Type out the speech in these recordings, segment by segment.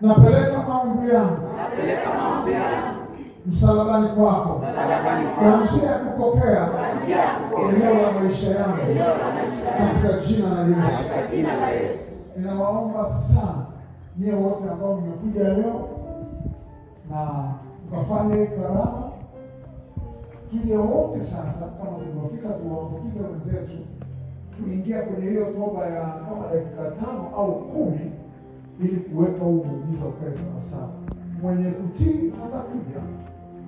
napeleka maombi yangu msalabani kwako kwa njia ya kupokea eneo la maisha yangu katika jina la Yesu. Ninawaomba sana nyie wote ambao mmekuja leo na ukafanya karama, tuje wote sasa, kama tulivyofika, tuwaambukize wenzetu kuingia kwenye hiyo toba ya kama dakika tano au kumi ili kuweka huu muujiza ukae sawasawa. Mwenye kutii atakuja,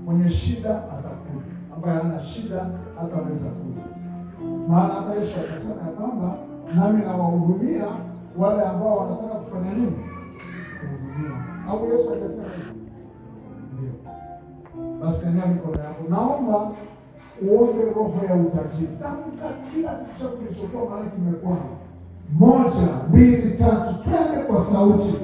mwenye shida atakuja, ambaye hana shida hataweza kuja, maana hata Yesu akasema ya kwamba nami nawahudumia wale ambao wanataka kufanya nini? Kuhudumia. Au Yesu akasema ndio? Basi kanyia mikono yako, naomba uombe roho ya utajiri. Tamka kila kitu kilichokuwa mahali kimekwama moja, mbili, tatu, twende kwa sauti.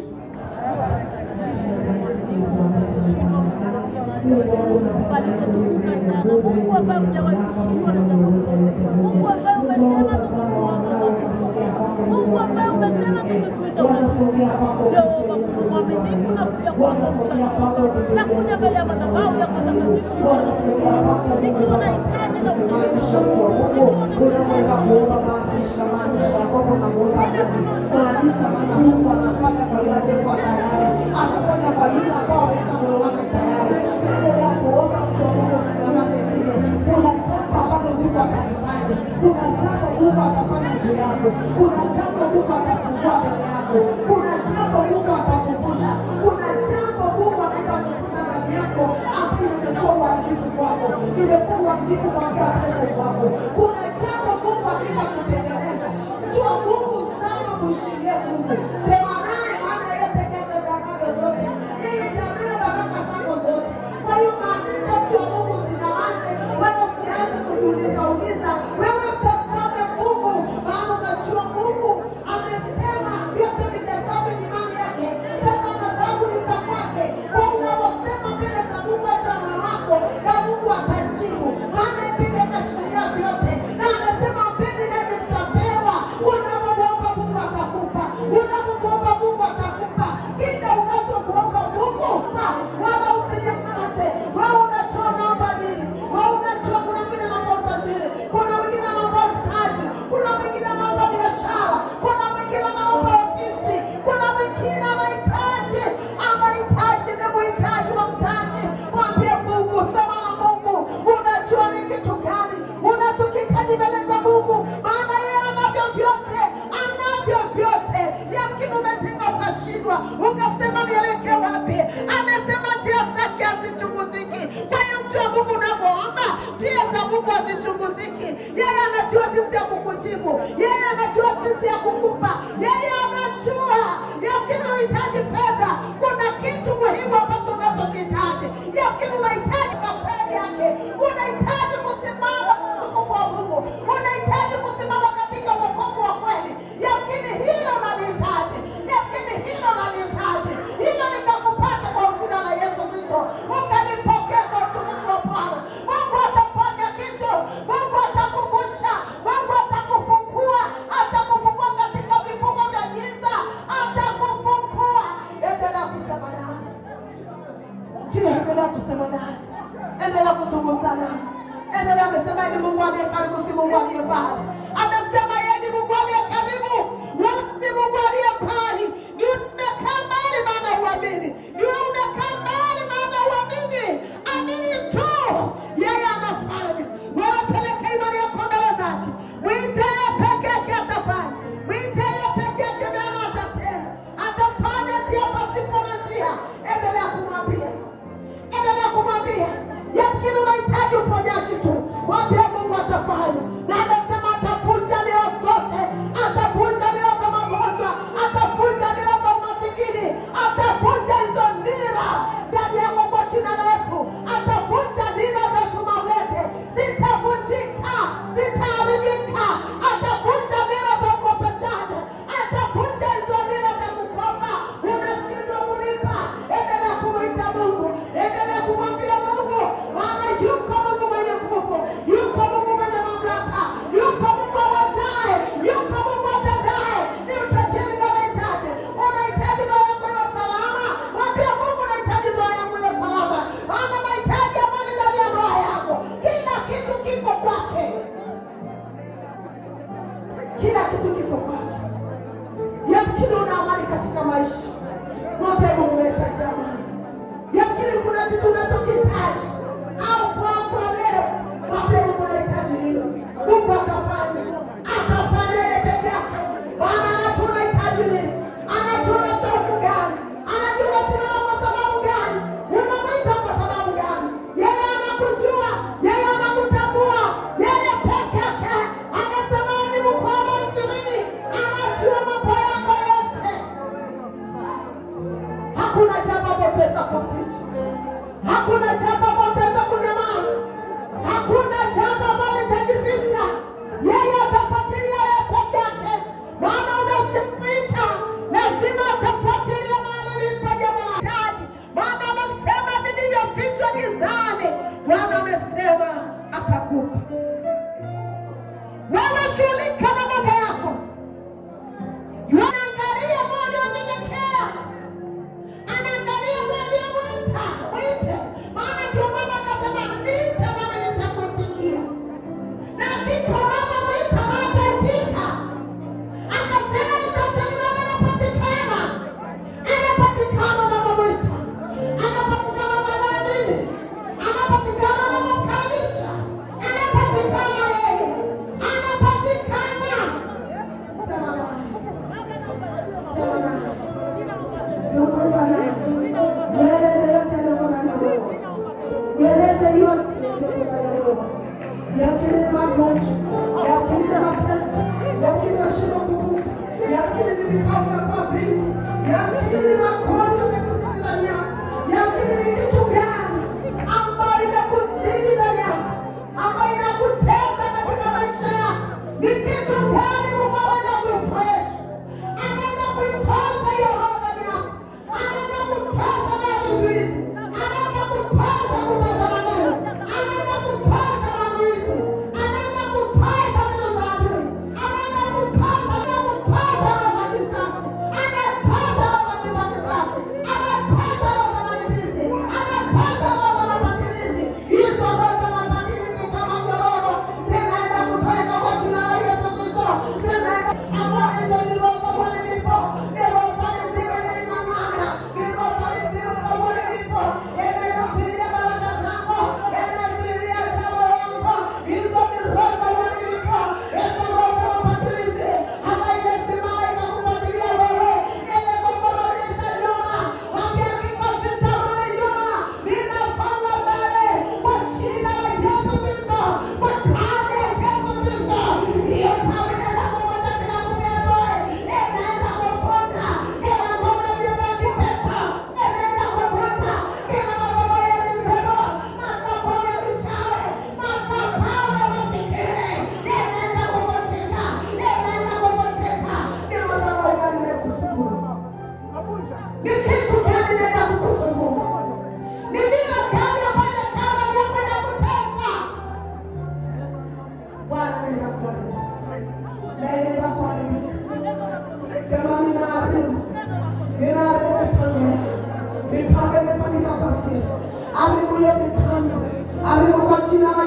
Yesu maanisha maana Mungu anafanya kwa yule aliyekuwa tayari, anafanya kwa yule ambao ameweka moyo wake tayari. Endelea kuomba mtu wa Mungu, sinema zingine. Kuna jambo ambalo Mungu atalifanya, kuna jambo Mungu atafanya juu yako, kuna jambo Mungu atafungua mbele yako, kuna jambo Mungu atakuvuna, kuna jambo Mungu anaenda kuvuna ndani yako, ambayo imekuwa uharibifu kwako, imekuwa uharibifu kwa muda mrefu kwako. perturbado. A Sinala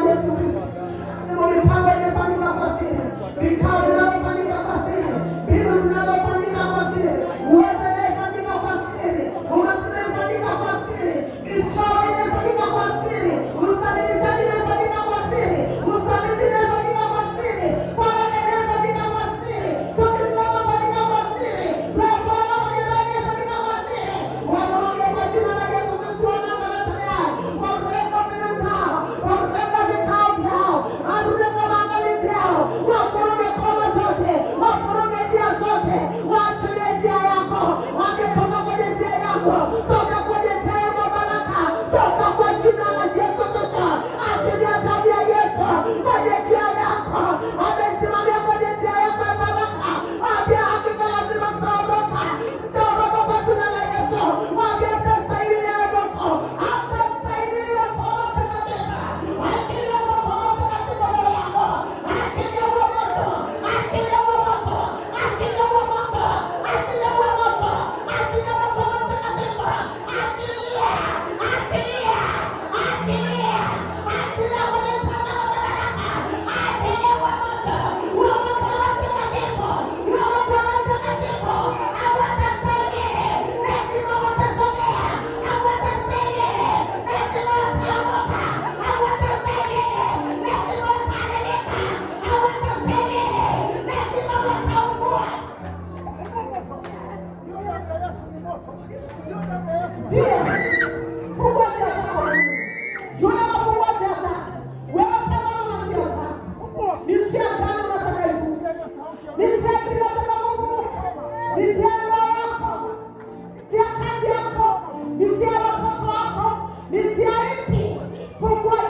from what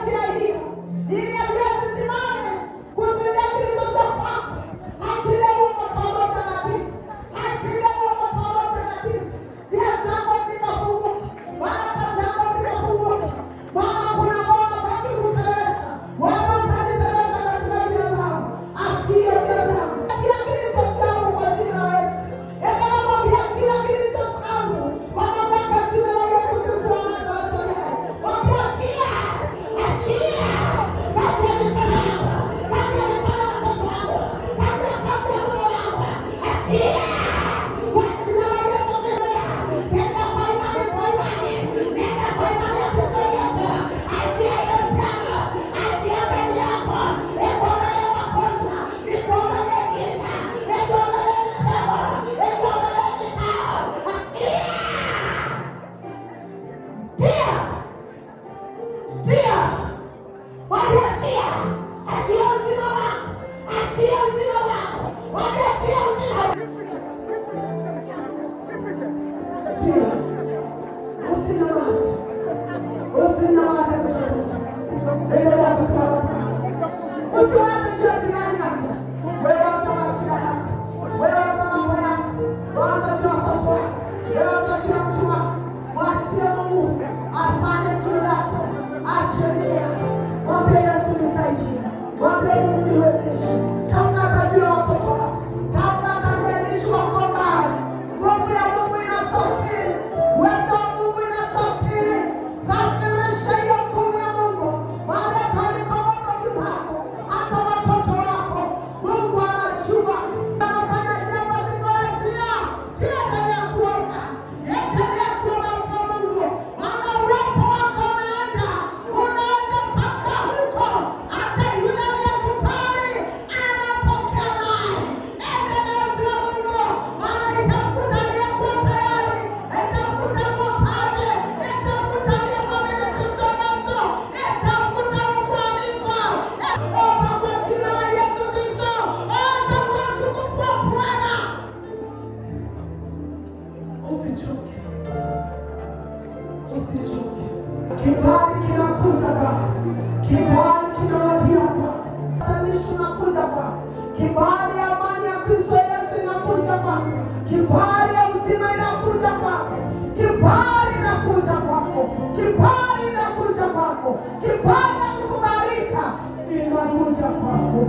Kibali ya amani ya Kristo Yesu inakuja kwako. Kibali ya uzima inakuja kwako. Kibali inakuja kwako. Kibali inakuja kwako. Kibali ya kukubalika inakuja kwako,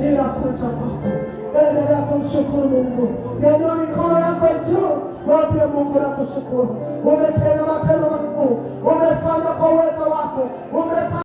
inakuja kwako. Endelea kumshukuru Mungu, neno mikono yako juu, mwambie Mungu nakushukuru, umetenda matendo